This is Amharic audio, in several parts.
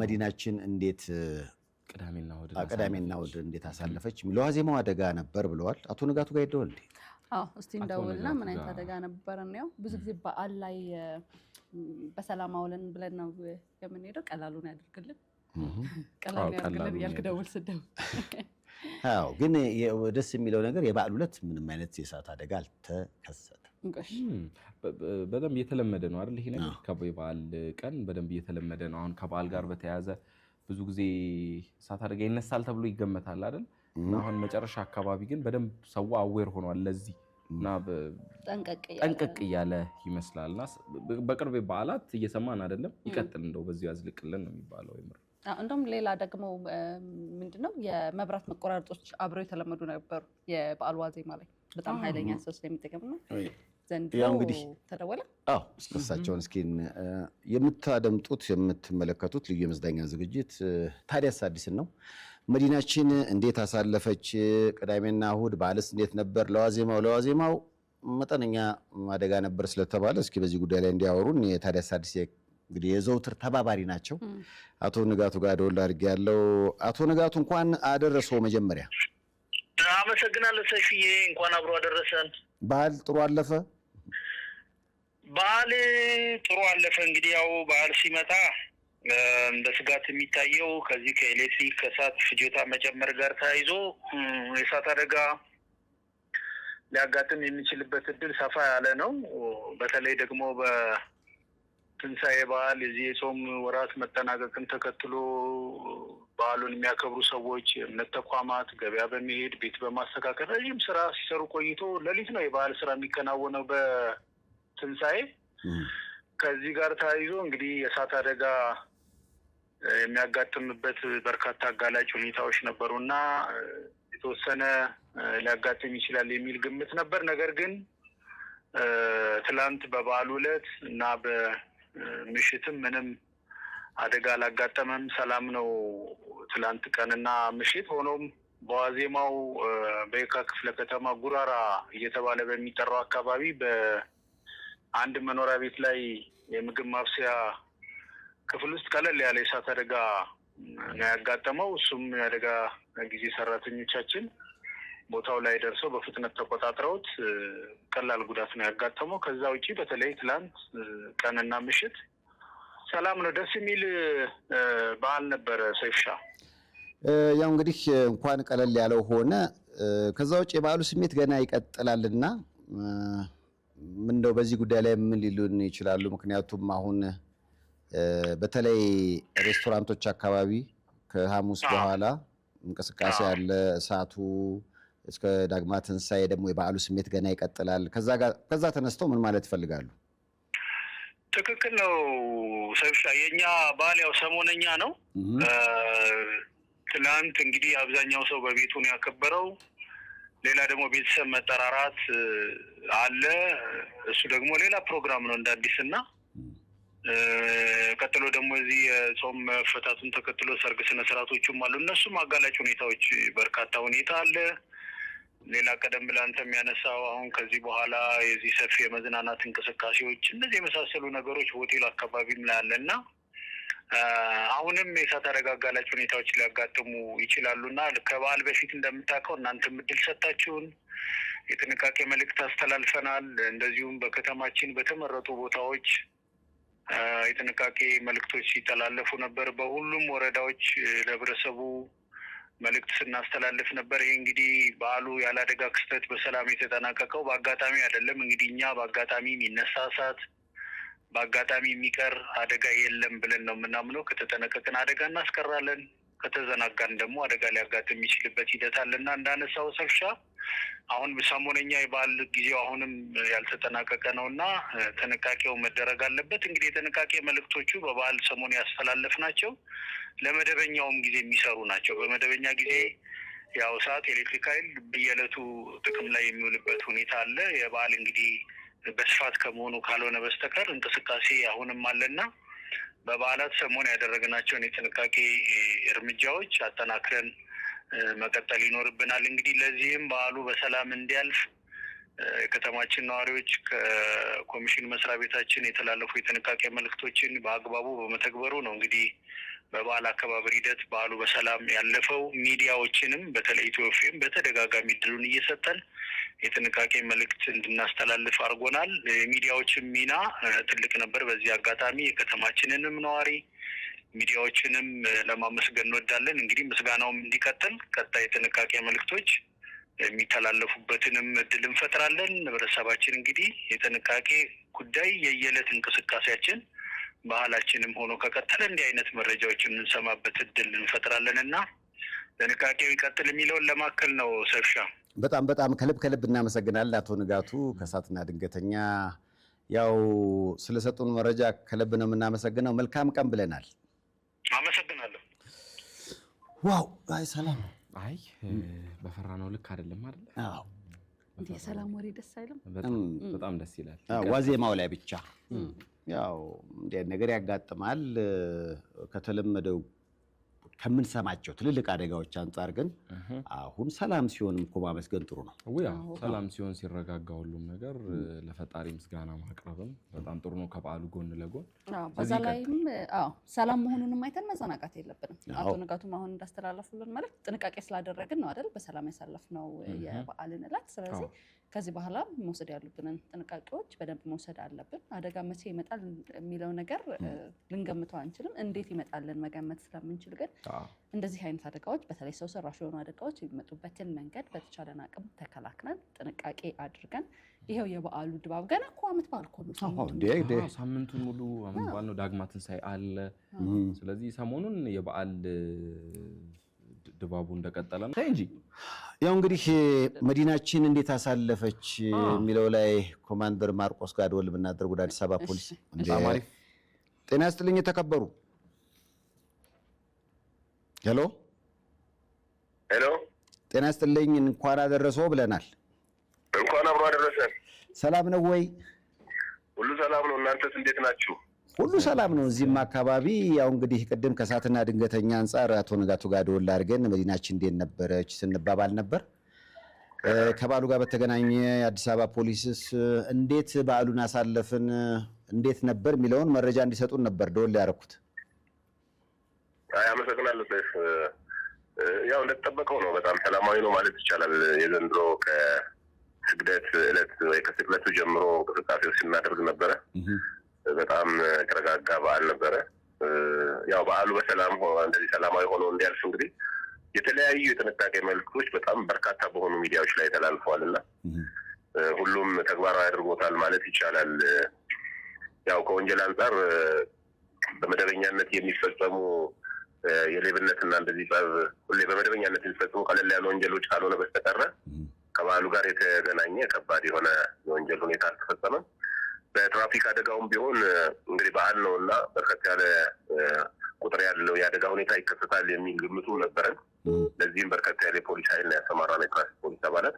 መዲናችን እንዴት ቅዳሜና እሑድ እንዴት አሳለፈች? ለዋዜማው አደጋ ነበር ብለዋል አቶ ንጋቱ ጋር ይደወል እንዴ? አዎ እስቲ እንደውልና ምን አይነት አደጋ ነበር ነው። ብዙ ጊዜ በዓል ላይ በሰላም አውለን ብለን ነው የምንሄደው። ቀላሉን ያደርግልን ቀላሉን ያድርግልን እያልክ ደውል አዎ ግን ደስ የሚለው ነገር የበዓል ዕለት ምንም አይነት የእሳት አደጋ አልተከሰተም። በደንብ እየተለመደ ነው አይደል? ይሄ ነገር ከበዓል ቀን በደንብ እየተለመደ ነው። አሁን ከበዓል ጋር በተያያዘ ብዙ ጊዜ እሳት አደጋ ይነሳል ተብሎ ይገመታል አይደል? እና አሁን መጨረሻ አካባቢ ግን በደንብ ሰው አዌር ሆኗል ለዚህ እና ጠንቀቅ እያለ ይመስላል። እና በቅርብ በዓላት እየሰማን አይደለም። ይቀጥል እንደው በዚህ ያዝልቅልን ነው የሚባለው የምር እንደውም ሌላ ደግሞ ምንድነው የመብራት መቆራረጦች አብረው የተለመዱ ነበሩ። የበዓል ዋዜማ ላይ በጣም ኃይለኛ ሰው ስለሚጠቀም ነው ዘንድሮ ተደወለ። አዎ እሳቸውን እስኪን የምታደምጡት የምትመለከቱት ልዩ የመዝናኛ ዝግጅት ታዲያስ አዲስን ነው። መዲናችን እንዴት አሳለፈች? ቅዳሜና እሁድ በዓልስ እንዴት ነበር? ለዋዜማው ለዋዜማው መጠነኛ አደጋ ነበር ስለተባለ እስኪ በዚህ ጉዳይ ላይ እንዲያወሩን የታዲያስ አዲስ እንግዲህ የዘውትር ተባባሪ ናቸው። አቶ ንጋቱ ጋር ደወል አድርጌ ያለው አቶ ንጋቱ እንኳን አደረሰው። መጀመሪያ አመሰግናለሁ ሰፊዬ፣ እንኳን አብሮ አደረሰን። በዓል ጥሩ አለፈ? በዓል ጥሩ አለፈ። እንግዲህ ያው በዓል ሲመጣ እንደ ስጋት የሚታየው ከዚህ ከኤሌክትሪክ ከእሳት ፍጆታ መጨመር ጋር ተያይዞ የእሳት አደጋ ሊያጋጥም የሚችልበት እድል ሰፋ ያለ ነው። በተለይ ደግሞ በትንሣኤ በዓል እዚህ የጾም ወራት መጠናቀቅን ተከትሎ በዓሉን የሚያከብሩ ሰዎች፣ እምነት ተቋማት ገበያ በመሄድ ቤት በማስተካከል ረዥም ስራ ሲሰሩ ቆይቶ ሌሊት ነው የበዓል ስራ የሚከናወነው በ ትንሣኤ ከዚህ ጋር ተያይዞ እንግዲህ የእሳት አደጋ የሚያጋጥምበት በርካታ አጋላጭ ሁኔታዎች ነበሩ እና የተወሰነ ሊያጋጥም ይችላል የሚል ግምት ነበር። ነገር ግን ትላንት በበዓሉ ዕለት እና በምሽትም ምንም አደጋ አላጋጠመም። ሰላም ነው ትላንት ቀንና ምሽት። ሆኖም በዋዜማው በየካ ክፍለ ከተማ ጉራራ እየተባለ በሚጠራው አካባቢ አንድ መኖሪያ ቤት ላይ የምግብ ማብሰያ ክፍል ውስጥ ቀለል ያለ የእሳት አደጋ ነው ያጋጠመው። እሱም የአደጋ ጊዜ ሰራተኞቻችን ቦታው ላይ ደርሰው በፍጥነት ተቆጣጥረውት ቀላል ጉዳት ነው ያጋጠመው። ከዛ ውጪ በተለይ ትላንት ቀንና ምሽት ሰላም ነው። ደስ የሚል በዓል ነበረ። ሰይፍሻ ያው እንግዲህ እንኳን ቀለል ያለው ሆነ። ከዛ ውጭ የበዓሉ ስሜት ገና ይቀጥላልና ምንደው በዚህ ጉዳይ ላይ ምን ሊሉን ይችላሉ? ምክንያቱም አሁን በተለይ ሬስቶራንቶች አካባቢ ከሐሙስ በኋላ እንቅስቃሴ አለ። እሳቱ እስከ ዳግማ ትንሳኤ ደግሞ የበዓሉ ስሜት ገና ይቀጥላል። ከዛ ተነስተው ምን ማለት ይፈልጋሉ? ትክክል ነው ሰብሻ። የእኛ በዓል ያው ሰሞነኛ ነው። ትናንት እንግዲህ አብዛኛው ሰው በቤቱን ያከበረው ሌላ ደግሞ ቤተሰብ መጠራራት አለ። እሱ ደግሞ ሌላ ፕሮግራም ነው እንደ አዲስ እና ቀጥሎ ደግሞ እዚህ የጾም መፈታቱን ተከትሎ ሰርግ ስነስርዓቶቹም አሉ። እነሱም አጋላጭ ሁኔታዎች በርካታ ሁኔታ አለ። ሌላ ቀደም ብለህ አንተ የሚያነሳው አሁን ከዚህ በኋላ የዚህ ሰፊ የመዝናናት እንቅስቃሴዎች እነዚህ የመሳሰሉ ነገሮች ሆቴል አካባቢም ላይ አለ እና አሁንም የተተረጋጋላች ሁኔታዎች ሊያጋጥሙ ይችላሉ እና ከበዓል በፊት እንደምታውቀው እናንተም እድል ሰጥታችሁን የጥንቃቄ መልእክት አስተላልፈናል። እንደዚሁም በከተማችን በተመረጡ ቦታዎች የጥንቃቄ መልእክቶች ሲተላለፉ ነበር። በሁሉም ወረዳዎች ለህብረተሰቡ መልእክት ስናስተላልፍ ነበር። ይሄ እንግዲህ በዓሉ ያለ አደጋ ክስተት በሰላም የተጠናቀቀው በአጋጣሚ አይደለም። እንግዲህ እኛ በአጋጣሚ የሚነሳ እሳት በአጋጣሚ የሚቀር አደጋ የለም ብለን ነው የምናምነው። ከተጠነቀቅን አደጋ እናስቀራለን፣ ከተዘናጋን ደግሞ አደጋ ሊያጋጥም የሚችልበት ሂደት አለ እና እንዳነሳው ሰብሻ አሁን ሰሞነኛ የበዓል ጊዜው አሁንም ያልተጠናቀቀ ነው እና ጥንቃቄው መደረግ አለበት። እንግዲህ የጥንቃቄ መልእክቶቹ በበዓል ሰሞን ያስተላለፍ ናቸው። ለመደበኛውም ጊዜ የሚሰሩ ናቸው። በመደበኛ ጊዜ ያው ሰዓት ኤሌክትሪክ ኃይል በየዕለቱ ጥቅም ላይ የሚውልበት ሁኔታ አለ። የበዓል እንግዲህ በስፋት ከመሆኑ ካልሆነ በስተቀር እንቅስቃሴ አሁንም አለና በበዓላት ሰሞን ያደረግናቸውን የጥንቃቄ እርምጃዎች አጠናክረን መቀጠል ይኖርብናል። እንግዲህ ለዚህም በዓሉ በሰላም እንዲያልፍ ከተማችን ነዋሪዎች ከኮሚሽን መስሪያ ቤታችን የተላለፉ የጥንቃቄ መልእክቶችን በአግባቡ በመተግበሩ ነው እንግዲህ በበዓል አከባበር ሂደት በዓሉ በሰላም ያለፈው። ሚዲያዎችንም በተለይ ኢትዮፌም በተደጋጋሚ ድሉን እየሰጠን የጥንቃቄ መልእክት እንድናስተላልፍ አድርጎናል። የሚዲያዎችን ሚና ትልቅ ነበር። በዚህ አጋጣሚ የከተማችንንም ነዋሪ ሚዲያዎችንም ለማመስገን እንወዳለን። እንግዲህ ምስጋናውም እንዲቀጥል ቀጣይ የጥንቃቄ መልእክቶች የሚተላለፉበትንም እድል እንፈጥራለን። ህብረተሰባችን እንግዲህ የጥንቃቄ ጉዳይ የየዕለት እንቅስቃሴያችን ባህላችንም ሆኖ ከቀጠለ እንዲህ አይነት መረጃዎችን የምንሰማበት እድል እንፈጥራለን እና ጥንቃቄው ይቀጥል የሚለውን ለማከል ነው። ሰብሻ በጣም በጣም ከልብ ከልብ እናመሰግናለን አቶ ንጋቱ ከእሳትና ድንገተኛ ያው ስለሰጡን መረጃ ከልብ ነው የምናመሰግነው። መልካም ቀን ብለናል። አመሰግናለሁ። ዋው አይ ሰላም አይ በፈራ ነው ልክ አይደለም አይደል? አዎ የሰላም ወሬ ደስ አይልም? በጣም ደስ ይላል። ዋዜማው ላይ ብቻ ያው እንዲህ ነገር ያጋጥማል ከተለመደው ከምንሰማቸው ትልልቅ አደጋዎች አንጻር ግን አሁን ሰላም ሲሆንም እኮ ማመስገን ጥሩ ነው። ሰላም ሲሆን ሲረጋጋ ሁሉም ነገር ለፈጣሪ ምስጋና ማቅረብም በጣም ጥሩ ነው። ከበዓሉ ጎን ለጎን በዛ ላይም ሰላም መሆኑንም አይተን መዘናጋት የለብንም። አቶ ንጋቱም አሁን እንዳስተላለፉልን ማለት ጥንቃቄ ስላደረግን ነው አይደል? በሰላም ያሳለፍነው የበዓልን ዕለት ስለዚህ ከዚህ በኋላ መውሰድ ያሉብንን ጥንቃቄዎች በደንብ መውሰድ አለብን። አደጋ መቼ ይመጣል የሚለው ነገር ልንገምተው አንችልም። እንዴት ይመጣልን መገመት ስለምንችል ግን እንደዚህ አይነት አደጋዎች በተለይ ሰው ሰራሽ የሆኑ አደጋዎች የሚመጡበትን መንገድ በተቻለን አቅም ተከላክለን ጥንቃቄ አድርገን ይኸው የበዓሉ ድባብ ገና እኮ ዓመት በዓል እኮ ሳምንቱን ሙሉ ዓመት በዓል ነው። ዳግማ ትንሣኤ አለ። ስለዚህ ሰሞኑን የበዓል ድባቡ እንደቀጠለ ነው እንጂ ያው እንግዲህ መዲናችን እንዴት አሳለፈች የሚለው ላይ ኮማንደር ማርቆስ ጋር ደወል ብናደርግ ወደ አዲስ አበባ ፖሊስ። ጤና ይስጥልኝ የተከበሩ። ሄሎ ሄሎ፣ ጤና ይስጥልኝ እንኳን አደረሰው ብለናል። እንኳን አብሮ አደረሰ ሰላም ነው ወይ? ሁሉ ሰላም ነው። እናንተስ እንዴት ናችሁ? ሁሉ ሰላም ነው። እዚህም አካባቢ ያው እንግዲህ ቅድም ከእሳትና ድንገተኛ አንጻር አቶ ንጋቱ ጋር ደወል አድርገን መዲናችን እንዴት ነበረች ስንባባል ነበር። ከባሉ ጋር በተገናኘ የአዲስ አበባ ፖሊስስ እንዴት በዓሉን አሳለፍን እንዴት ነበር የሚለውን መረጃ እንዲሰጡን ነበር ደወል ያደረኩት። አመሰግናለሁ። ሰይፍ ያው እንደተጠበቀው ነው፣ በጣም ሰላማዊ ነው ማለት ይቻላል። የዘንድሮ ከስግደት እለት ወይ ከስግደቱ ጀምሮ እንቅስቃሴዎች ስናደርግ ነበረ በጣም የተረጋጋ በዓል ነበረ። ያው በዓሉ በሰላም እንደዚህ ሰላማዊ ሆኖ እንዲያልፍ እንግዲህ የተለያዩ የጥንቃቄ መልክቶች በጣም በርካታ በሆኑ ሚዲያዎች ላይ ተላልፈዋል እና ሁሉም ተግባራዊ አድርጎታል ማለት ይቻላል። ያው ከወንጀል አንጻር በመደበኛነት የሚፈጸሙ እና እንደዚህ ጸብ ሁሌ በመደበኛነት የሚፈጽሙ ቀለል ያሉ ወንጀሎች ካልሆነ በስተቀረ ከበዓሉ ጋር የተገናኘ ከባድ የሆነ የወንጀል ሁኔታ አልተፈጸመም። በትራፊክ አደጋውም ቢሆን እንግዲህ በዓል ነው እና በርከት ያለ ቁጥር ያለው የአደጋ ሁኔታ ይከሰታል የሚል ግምቱ ነበረን። ለዚህም በርከት ያለ የፖሊስ ኃይል ነው የትራፊክ ፖሊስ አባላት።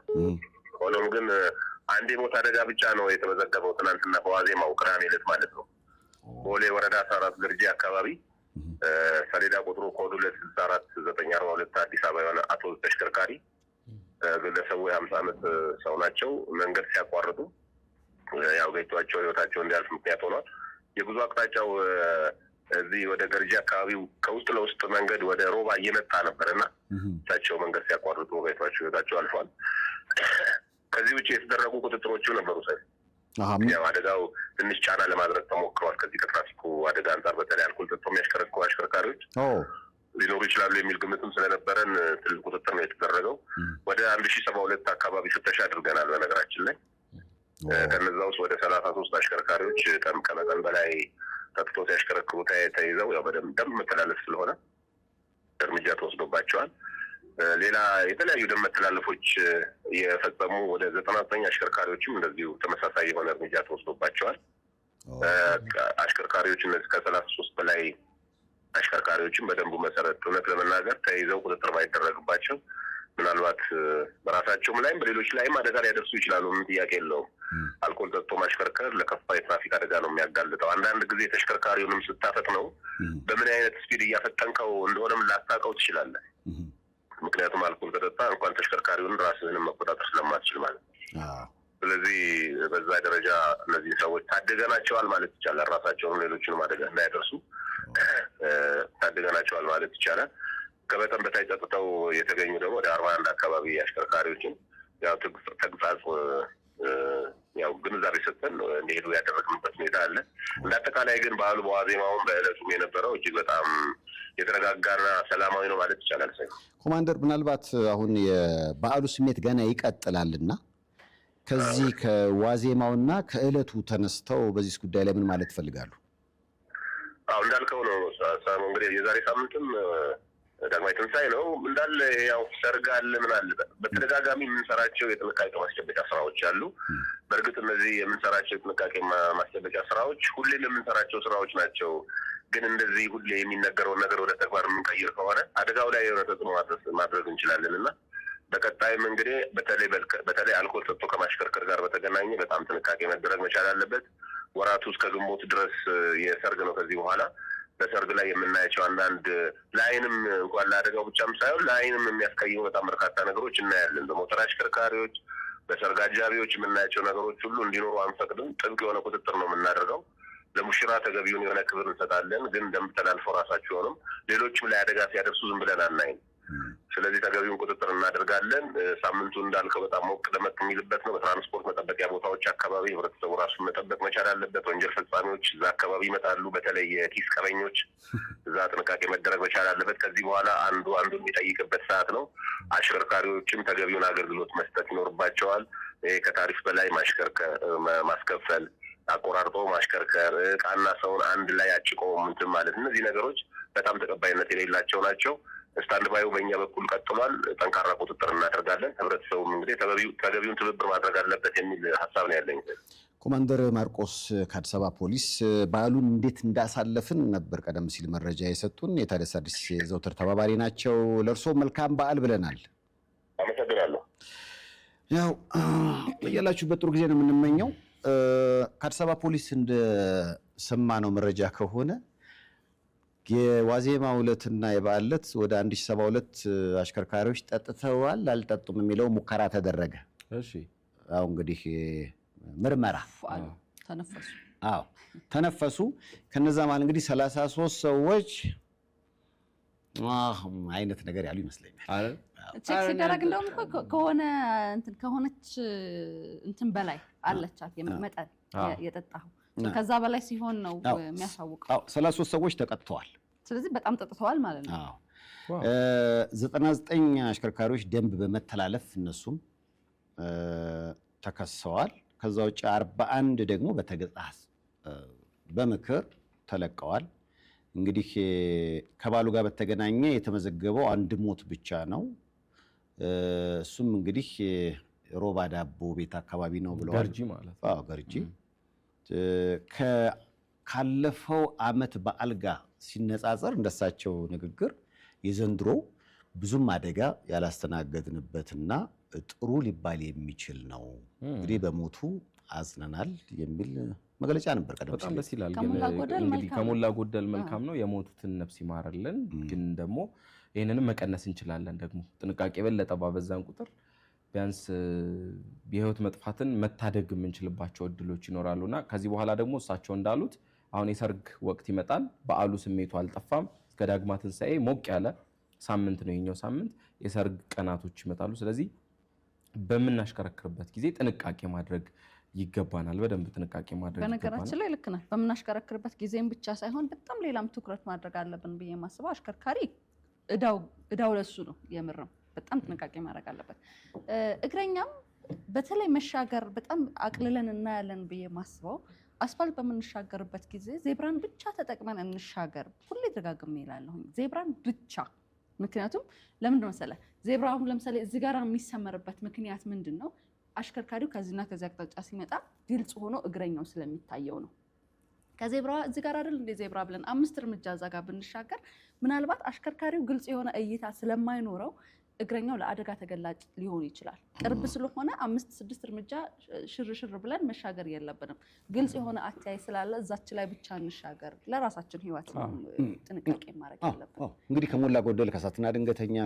ሆኖም ግን አንድ የሞት አደጋ ብቻ ነው የተመዘገበው፣ ትናንትና በዋዜማው ቅዳሜ ዕለት ማለት ነው። ቦሌ ወረዳ አስራ አራት ገርጂ አካባቢ ሰሌዳ ቁጥሩ ኮድ ሁለት ስልሳ አራት ዘጠኝ አርባ ሁለት አዲስ አበባ የሆነ አቶ ተሽከርካሪ ግለሰቡ የሀምሳ ዓመት ሰው ናቸው መንገድ ሲያቋርጡ ያው ገጭቷቸው ህይወታቸው እንዲያልፍ ምክንያት ሆኗል። የጉዞ አቅጣጫው እዚህ ወደ ገርጂ አካባቢው ከውስጥ ለውስጥ መንገድ ወደ ሮባ እየመጣ ነበር እና እሳቸው መንገድ ሲያቋርጡ ገጭቷቸው ህይወታቸው አልፏል። ከዚህ ውጭ የተደረጉ ቁጥጥሮቹ ነበሩ። ሰ ያው አደጋው ትንሽ ጫና ለማድረግ ተሞክረዋል። ከዚህ ከትራፊኩ አደጋ አንጻር በተለይ አልኮል ጠጥቶ የሚያሽከረክሩ አሽከርካሪዎች ሊኖሩ ይችላሉ የሚል ግምትም ስለነበረን ትልቅ ቁጥጥር ነው የተደረገው። ወደ አንድ ሺ ሰባ ሁለት አካባቢ ፍተሻ አድርገናል በነገራችን ላይ ከነዛ ውስጥ ወደ ሰላሳ ሶስት አሽከርካሪዎች ጠም ከመጠን በላይ ጠጥቶ ሲያሽከረክሩ ተይዘው ያው በደንብ ደንብ መተላለፍ ስለሆነ እርምጃ ተወስዶባቸዋል። ሌላ የተለያዩ ደንብ መተላለፎች የፈጸሙ ወደ ዘጠና ዘጠኝ አሽከርካሪዎችም እንደዚሁ ተመሳሳይ የሆነ እርምጃ ተወስዶባቸዋል። አሽከርካሪዎች እነዚህ ከሰላሳ ሶስት በላይ አሽከርካሪዎችም በደንቡ መሰረት እውነት ለመናገር ተይዘው ቁጥጥር ባይደረግባቸው ምናልባት በራሳቸውም ላይም በሌሎች ላይም አደጋ ሊያደርሱ ይችላሉ። ምን ጥያቄ የለውም። አልኮል ጠጥቶ ማሽከርከር ለከፋ የትራፊክ አደጋ ነው የሚያጋልጠው። አንዳንድ ጊዜ ተሽከርካሪውንም ስታፈጥ ነው በምን አይነት ስፒድ እያፈጠንከው እንደሆነም ላታውቀው ትችላለህ። ምክንያቱም አልኮል ከጠጣ እንኳን ተሽከርካሪውን ራስህንም መቆጣጠር ስለማትችል ማለት ነው። ስለዚህ በዛ ደረጃ እነዚህ ሰዎች ታደገናቸዋል ማለት ይቻላል። ራሳቸውንም ሌሎችንም አደጋ እንዳያደርሱ ታደገናቸዋል ማለት ይቻላል። ከመጠን በታች ጠጥተው የተገኙ ደግሞ ወደ አርባ አንድ አካባቢ አሽከርካሪዎችን ያው ተግጻጽ ያው ግንዛቤ ሰጠን እንዲሄዱ ያደረግንበት ሁኔታ አለ። እንደ አጠቃላይ ግን በዓሉ በዋዜማውን በእለቱም የነበረው እጅግ በጣም የተረጋጋና ሰላማዊ ነው ማለት ይቻላል። ሰ ኮማንደር፣ ምናልባት አሁን የበዓሉ ስሜት ገና ይቀጥላልና ከዚህ ከዋዜማውና ከእለቱ ተነስተው በዚህ ጉዳይ ላይ ምን ማለት ይፈልጋሉ? አሁ እንዳልከው ነው እንግዲህ የዛሬ ሳምንትም ዳግማዊ ትንሣኤ ነው እንዳለ ያው ሰርግ አለ ምን አለ በተደጋጋሚ የምንሰራቸው የጥንቃቄ ማስጨበጫ ስራዎች አሉ። በእርግጥ እነዚህ የምንሰራቸው የጥንቃቄ ማስጨበቂያ ስራዎች ሁሌ የምንሰራቸው ስራዎች ናቸው። ግን እንደዚህ ሁሌ የሚነገረውን ነገር ወደ ተግባር የምንቀይር ከሆነ አደጋው ላይ የሆነ ተጽዕኖ ማድረግ እንችላለን እና በቀጣይም እንግዲህ በተለይ በተለይ አልኮል ሰጥቶ ከማሽከርከር ጋር በተገናኘ በጣም ጥንቃቄ መደረግ መቻል አለበት። ወራቱ እስከ ግንቦት ድረስ የሰርግ ነው ከዚህ በኋላ በሰርግ ላይ የምናያቸው አንዳንድ ለአይንም እንኳን ለአደጋው ብቻም ሳይሆን ለአይንም የሚያስቀይሙ በጣም በርካታ ነገሮች እናያለን። በሞተር አሽከርካሪዎች፣ በሰርግ አጃቢዎች የምናያቸው ነገሮች ሁሉ እንዲኖሩ አንፈቅድም። ጥብቅ የሆነ ቁጥጥር ነው የምናደርገው። ለሙሽራ ተገቢውን የሆነ ክብር እንሰጣለን። ግን ደንብ ተላልፈው ራሳቸው ሆንም ሌሎችም ላይ አደጋ ሲያደርሱ ዝም ብለን አናይም። ስለዚህ ተገቢውን ቁጥጥር እናደርጋለን። ሳምንቱ እንዳልከው በጣም ሞቅ ደመቅ የሚልበት ነው። በትራንስፖርት መጠበቂያ ቦታዎች አካባቢ ህብረተሰቡ ራሱን መጠበቅ መቻል አለበት። ወንጀል ፈጻሚዎች እዛ አካባቢ ይመጣሉ። በተለይ የኪስ ቀበኞች እዛ ጥንቃቄ መደረግ መቻል አለበት። ከዚህ በኋላ አንዱ አንዱ የሚጠይቅበት ሰዓት ነው። አሽከርካሪዎችም ተገቢውን አገልግሎት መስጠት ይኖርባቸዋል። ከታሪፍ በላይ ማሽከርከር ማስከፈል አቆራርጦ ማሽከርከር እቃና ሰውን አንድ ላይ አጭቆ ምንትን ማለት እነዚህ ነገሮች በጣም ተቀባይነት የሌላቸው ናቸው። ስታንድባዩ በእኛ በኩል ቀጥሏል። ጠንካራ ቁጥጥር እናደርጋለን። ህብረተሰቡም እንግዲህ ተገቢውን ትብብር ማድረግ አለበት የሚል ሀሳብ ነው ያለኝ። ኮማንደር ማርቆስ ከአዲስ አበባ ፖሊስ በዓሉን እንዴት እንዳሳለፍን ነበር ቀደም ሲል መረጃ የሰጡን። የታደስ አዲስ ዘውትር ተባባሪ ናቸው። ለእርሶ መልካም በዓል ብለናል። አመሰግናለሁ። ያው ያላችሁበት ጥሩ ጊዜ ነው የምንመኘው። ከአዲስ አበባ ፖሊስ እንደሰማነው መረጃ ከሆነ የዋዜማ ዕለትና የበዓል ዕለት ወደ 172 አሽከርካሪዎች ጠጥተዋል አልጠጡም የሚለው ሙከራ ተደረገ። እሺ አሁን እንግዲህ ምርመራ ተነፈሱ። አዎ ተነፈሱ። ከነዛ ማለት እንግዲህ 33 ሰዎች አይነት ነገር ያሉ ይመስለኛል። ቼክ ሲደረግ እንደውም ከሆነ ከሆነች እንትን በላይ አለቻት መጠን የጠጣው ከዛ በላይ ሲሆን ነው የሚያሳውቀው። ሰላሳ ሶስት ሰዎች ተቀጥተዋል። ስለዚህ በጣም ጠጥተዋል ማለት ነው። ዘጠና ዘጠኝ አሽከርካሪዎች ደንብ በመተላለፍ እነሱም ተከሰዋል። ከዛ ውጭ አርባ አንድ ደግሞ በተገጻስ በምክር ተለቀዋል። እንግዲህ ከባሉ ጋር በተገናኘ የተመዘገበው አንድ ሞት ብቻ ነው። እሱም እንግዲህ ሮባ ዳቦ ቤት አካባቢ ነው ብለዋል። ገርጂ ማለት ገርጂ ካለፈው አመት በአልጋ ሲነጻጸር እንደሳቸው ንግግር የዘንድሮ ብዙም አደጋ ያላስተናገድንበትና ጥሩ ሊባል የሚችል ነው። እንግዲህ በሞቱ አዝነናል የሚል መግለጫ ነበር። ቀደም በጣም ደስ ይላል። እንግዲህ ከሞላ ጎደል መልካም ነው። የሞቱትን ነፍስ ይማርልን። ግን ደግሞ ይህንንም መቀነስ እንችላለን። ደግሞ ጥንቃቄ በለጠ ባበዛን ቁጥር ቢያንስ የህይወት መጥፋትን መታደግ የምንችልባቸው እድሎች ይኖራሉ እና ከዚህ በኋላ ደግሞ እሳቸው እንዳሉት አሁን የሰርግ ወቅት ይመጣል። በዓሉ ስሜቱ አልጠፋም። እስከ ዳግማ ትንሳኤ ሞቅ ያለ ሳምንት ነው የኛው ሳምንት። የሰርግ ቀናቶች ይመጣሉ። ስለዚህ በምናሽከረክርበት ጊዜ ጥንቃቄ ማድረግ ይገባናል። በደንብ ጥንቃቄ ማድረግ በነገራችን ላይ ልክ በምናሽከረክርበት ጊዜም ብቻ ሳይሆን በጣም ሌላም ትኩረት ማድረግ አለብን ብዬ ማስበው አሽከርካሪ እዳው ለሱ ነው የምርም በጣም ጥንቃቄ ማድረግ አለበት። እግረኛም በተለይ መሻገር በጣም አቅልለን እናያለን ብዬ ማስበው አስፋልት በምንሻገርበት ጊዜ ዜብራን ብቻ ተጠቅመን እንሻገር ሁሌ ደጋግሜ እላለሁኝ። ዜብራን ብቻ ምክንያቱም ለምንድን መሰለ ዜብራ አሁን ለምሳሌ እዚህ ጋር የሚሰመርበት ምክንያት ምንድን ነው? አሽከርካሪው ከዚህና ከዚህ አቅጣጫ ሲመጣ ግልጽ ሆኖ እግረኛው ስለሚታየው ነው። ከዜብራ እዚህ ጋር አይደል እንደ ዜብራ ብለን አምስት እርምጃ እዛ ጋር ብንሻገር ምናልባት አሽከርካሪው ግልጽ የሆነ እይታ ስለማይኖረው እግረኛው ለአደጋ ተገላጭ ሊሆን ይችላል። ቅርብ ስለሆነ አምስት ስድስት እርምጃ ሽርሽር ብለን መሻገር የለብንም። ግልጽ የሆነ አተያይ ስላለ እዛች ላይ ብቻ እንሻገር። ለራሳችን ህይወት ጥንቃቄ ማድረግ ያለብን እንግዲህ ከሞላ ጎደል ከእሳትና ድንገተኛ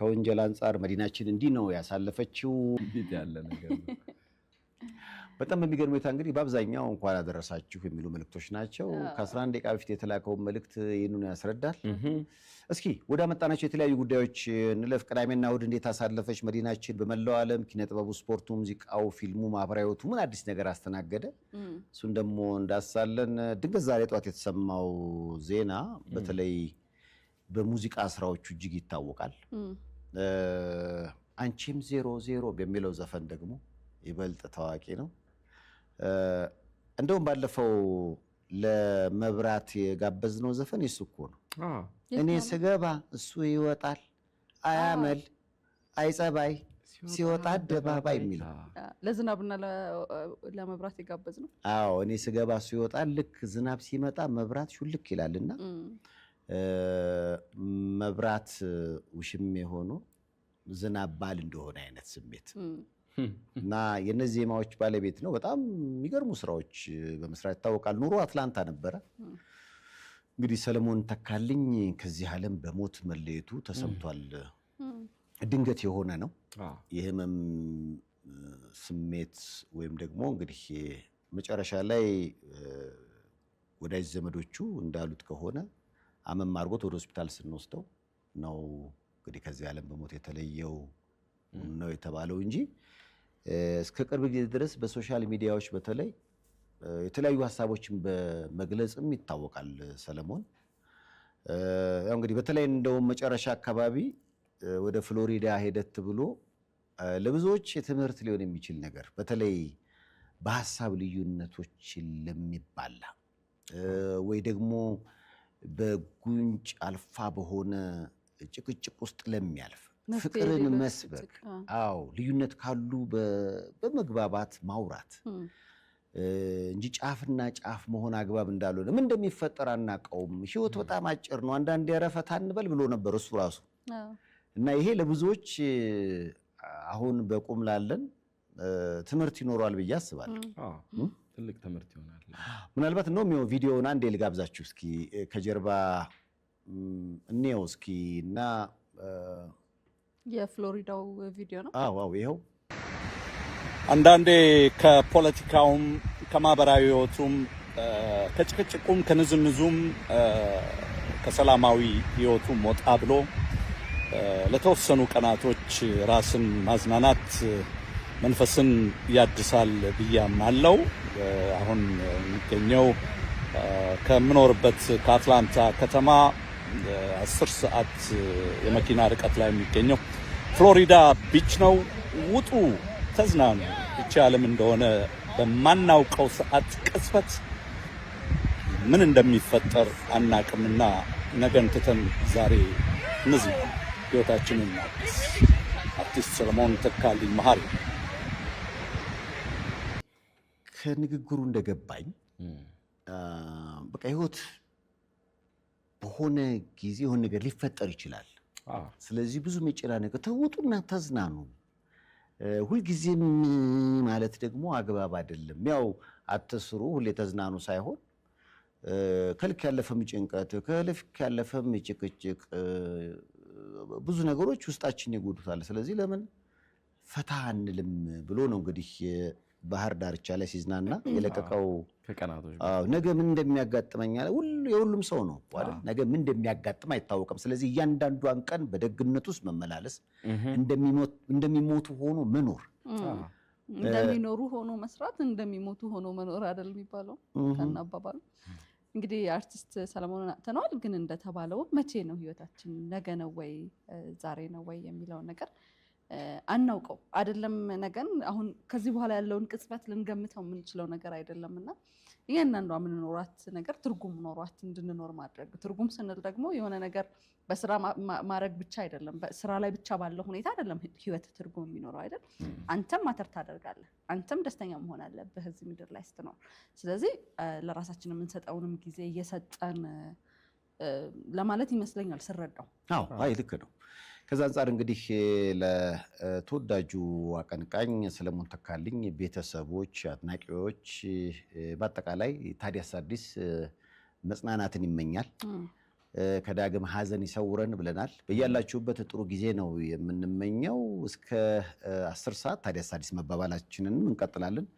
ከወንጀል አንጻር መዲናችን እንዲህ ነው ያሳለፈችው ያለ ነገር በጣም በሚገርም ሁኔታ እንግዲህ በአብዛኛው እንኳን አደረሳችሁ የሚሉ መልእክቶች ናቸው። ከ11 ደቂቃ በፊት የተላከውን መልእክት ይህንኑ ያስረዳል። እስኪ ወደ አመጣናቸው የተለያዩ ጉዳዮች እንለፍ። ቅዳሜና እሑድ እንዴት አሳለፈች መዲናችን? በመላው ዓለም ኪነጥበቡ፣ ስፖርቱ፣ ሙዚቃው፣ ፊልሙ፣ ማህበራዊቱ ምን አዲስ ነገር አስተናገደ? እሱን ደግሞ እንዳሳለን። ድንገት ዛሬ ጠዋት የተሰማው ዜና በተለይ በሙዚቃ ስራዎቹ እጅግ ይታወቃል። አንቺም ዜሮ ዜሮ በሚለው ዘፈን ደግሞ ይበልጥ ታዋቂ ነው። እንደውም ባለፈው ለመብራት የጋበዝነው ዘፈን የሱ እኮ ነው። እኔ ስገባ እሱ ይወጣል፣ አያመል አይጸባይ ሲወጣ አደባባይ የሚለው ለዝናብና ለመብራት የጋበዝነው። አዎ እኔ ስገባ እሱ ይወጣል፣ ልክ ዝናብ ሲመጣ መብራት ሹልክ ይላልና መብራት ውሽም የሆኑ ዝናብ ባል እንደሆነ አይነት ስሜት እና የእነዚህ ዜማዎች ባለቤት ነው። በጣም የሚገርሙ ስራዎች በመስራት ይታወቃል። ኑሮ አትላንታ ነበረ። እንግዲህ ሰለሞን ተካልኝ ከዚህ ዓለም በሞት መለየቱ ተሰምቷል። ድንገት የሆነ ነው። የህመም ስሜት ወይም ደግሞ እንግዲህ መጨረሻ ላይ ወዳጅ ዘመዶቹ እንዳሉት ከሆነ አመም አድርጎት ወደ ሆስፒታል ስንወስደው ነው እንግዲህ ከዚህ ዓለም በሞት የተለየው ነው የተባለው እንጂ እስከ ቅርብ ጊዜ ድረስ በሶሻል ሚዲያዎች በተለይ የተለያዩ ሀሳቦችን በመግለጽም ይታወቃል ሰለሞን። ያው እንግዲህ በተለይ እንደውም መጨረሻ አካባቢ ወደ ፍሎሪዳ ሄደት ብሎ ለብዙዎች የትምህርት ሊሆን የሚችል ነገር በተለይ በሀሳብ ልዩነቶች ለሚባላ ወይ ደግሞ በጉንጭ አልፋ በሆነ ጭቅጭቅ ውስጥ ለሚያልፍ ፍቅርን መስበክ። አዎ ልዩነት ካሉ በመግባባት ማውራት እንጂ ጫፍና ጫፍ መሆን አግባብ እንዳልሆነ ምን እንደሚፈጠር አናውቀውም። ህይወት በጣም አጭር ነው። አንዳንድ ያረፈታ እንበል ብሎ ነበር እሱ ራሱ እና ይሄ ለብዙዎች አሁን በቁም ላለን ትምህርት ይኖረዋል ብዬ አስባለሁ። ትልቅ ትምህርት ይሆናል። ምናልባት ነው የሚሆን ቪዲዮውን አንዴ ልጋብዛችሁ እስኪ ከጀርባ እኔው እስኪ እና የፍሎሪዳው ቪዲዮ ነው። አዎ ይኸው። አንዳንዴ ከፖለቲካውም ከማህበራዊ ህይወቱም ከጭቅጭቁም ከንዝንዙም ከሰላማዊ ህይወቱም ወጣ ብሎ ለተወሰኑ ቀናቶች ራስን ማዝናናት መንፈስን ያድሳል ብያም አለው። አሁን የሚገኘው ከምኖርበት ከአትላንታ ከተማ አስር ሰዓት የመኪና ርቀት ላይ የሚገኘው ፍሎሪዳ ቢች ነው። ውጡ፣ ተዝናኑ። ይቺ ዓለም እንደሆነ በማናውቀው ሰዓት ቅጽበት ምን እንደሚፈጠር አናቅምና ነገን ትተን ዛሬ ንዝ ሕይወታችንን እናድስ። አርቲስት ሰለሞን ተካልኝ መሀሪ። ከንግግሩ እንደገባኝ በቃ ህይወት በሆነ ጊዜ የሆነ ነገር ሊፈጠር ይችላል። ስለዚህ ብዙ መጭራ ነገር ተውጡና ተዝናኑ። ሁልጊዜም ማለት ደግሞ አግባብ አይደለም። ያው አትስሩ፣ ሁሌ ተዝናኑ ሳይሆን ከልክ ያለፈም ጭንቀት፣ ከልክ ያለፈም ጭቅጭቅ፣ ብዙ ነገሮች ውስጣችን ይጎዱታል። ስለዚህ ለምን ፈታ አንልም ብሎ ነው እንግዲህ ባህር ዳርቻ ላይ ሲዝናና የለቀቀው ነገ ምን እንደሚያጋጥመኝ አለ። የሁሉም ሰው ነው ነገ ምን እንደሚያጋጥም አይታወቅም። ስለዚህ እያንዳንዷን ቀን በደግነት ውስጥ መመላለስ፣ እንደሚሞቱ ሆኖ መኖር፣ እንደሚኖሩ ሆኖ መስራት፣ እንደሚሞቱ ሆኖ መኖር አይደል የሚባለው ከና አባባሉ እንግዲህ አርቲስት ሰለሞን አጥተነዋል። ግን እንደተባለው መቼ ነው ህይወታችን? ነገ ነው ወይ ዛሬ ነው ወይ የሚለውን ነገር አናውቀው አይደለም ነገን አሁን ከዚህ በኋላ ያለውን ቅጽበት ልንገምተው የምንችለው ነገር አይደለም እና እያንዳንዷ የምንኖራት ነገር ትርጉም ኖሯት እንድንኖር ማድረግ ትርጉም ስንል ደግሞ የሆነ ነገር በስራ ማድረግ ብቻ አይደለም፣ ስራ ላይ ብቻ ባለው ሁኔታ አይደለም ህይወት ትርጉም የሚኖረው አይደል። አንተም ማተር ታደርጋለህ፣ አንተም ደስተኛ መሆን አለብህ እዚህ ምድር ላይ ስትኖር። ስለዚህ ለራሳችን የምንሰጠውንም ጊዜ እየሰጠን ለማለት ይመስለኛል ስረዳው። አዎ አይ ልክ ነው። ከዛ አንጻር እንግዲህ ለተወዳጁ አቀንቃኝ ሰለሞን ተካልኝ ቤተሰቦች፣ አድናቂዎች በአጠቃላይ ታዲያስ አዲስ መጽናናትን ይመኛል። ከዳግም ሀዘን ይሰውረን ብለናል። በያላችሁበት ጥሩ ጊዜ ነው የምንመኘው። እስከ አስር ሰዓት ታዲያስ አዲስ መባባላችንን እንቀጥላለን።